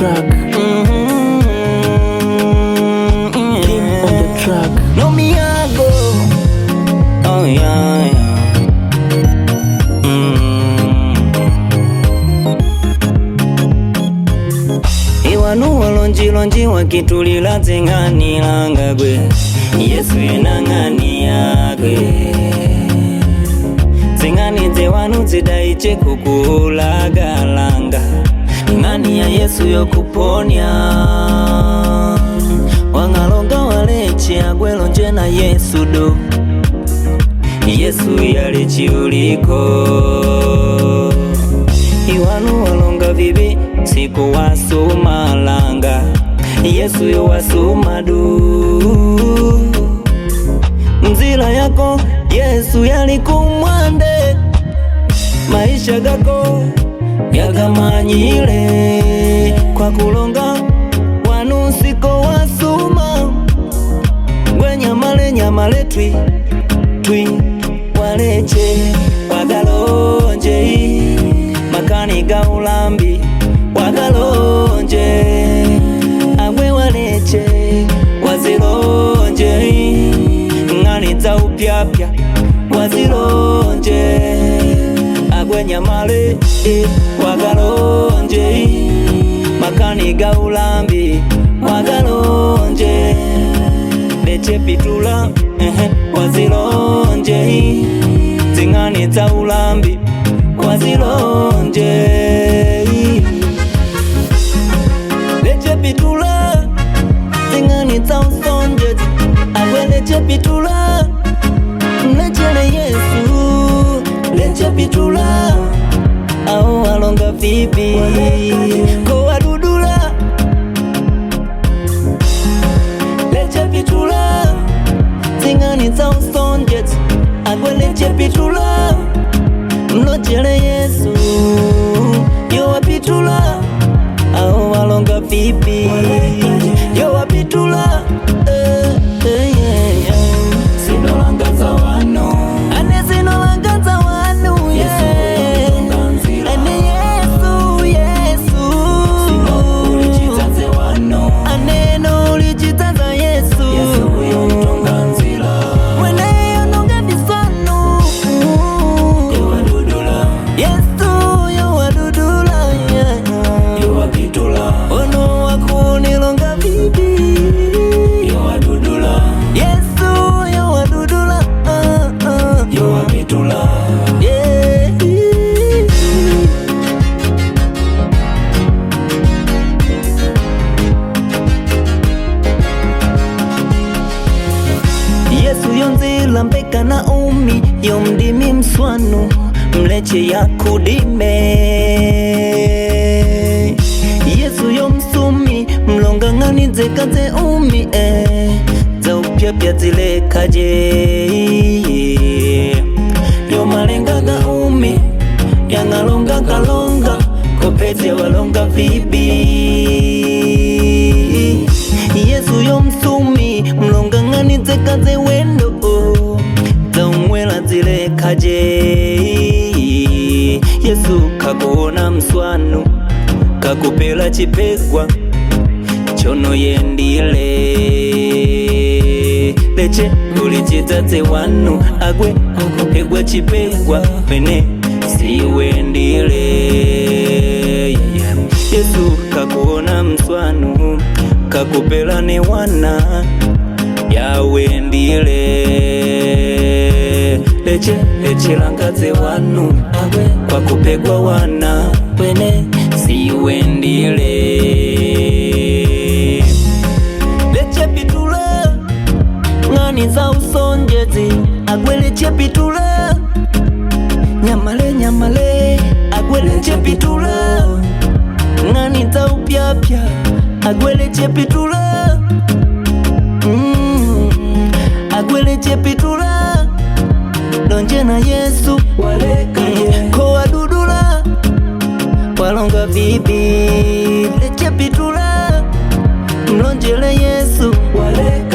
track. Mm -hmm, yeah. on the track. No me oh, mm. lonjilonji wakitulila dzing'anilanga gwe yesu enang'ania dzing'ani dzewanu dzidaiche kukulanga langa Imani ya Yesu yokuponya wangalonga agwelo nje na Yesu do Yesu yalechi uliko iwanu walonga vibi siku wasumalanga Yesu du mzila yako Yesu yalikumwande maisha gako byagamanyire kwa kulonga wanu nsiko wasuma ngwe nyamale nyamale twi twi waleche wagalonje makani ga ulambi wagalonje agwe waleche wazilonje ng'ani za upyapya wazilonje nyamale e, nje makani gaulambi wagalo nje leche pitula wazilo nje zing'ani za ulambi leche pitula zing'ani za usonje agwelechepitula mlechele Yesu lechepitula Wanajua vipi Koa dudula Leche pitula Tingani Townstone Gate Agwe leche pitula Mlojele Yesu Yowa pitula Aho walonga vipi mitula Yesu yonzila mbeka na umi yomdimi mswanu mleche ya kudime Yesu yomsumi mlongang'ani dzekadze umi eh. dzaupyapya dzilekaje ya walonga vibi Yesu yo msumi mlonga ngani zekaze wendo taumwela zilekaje Yesu kakuona mswanu kakupela chipegwa chono yendile leche ulichitatse wanu agwe akupegwa chipegwa mene siwendile Yesu kakuona mswanu kakupela ne wana yawe ndile leche leche langaze wanu kwa kupegwa wana wene siwe ndile leche pitule ng'ani za usonjezi agwe leche pitule nyamale nyamale agwe leche pitule nita upyapya agwele chepitula mm, agwele chepitula donje na Yesu mm, ko wadudula walonga vipi chepitula mlonjele Yesu Waleka.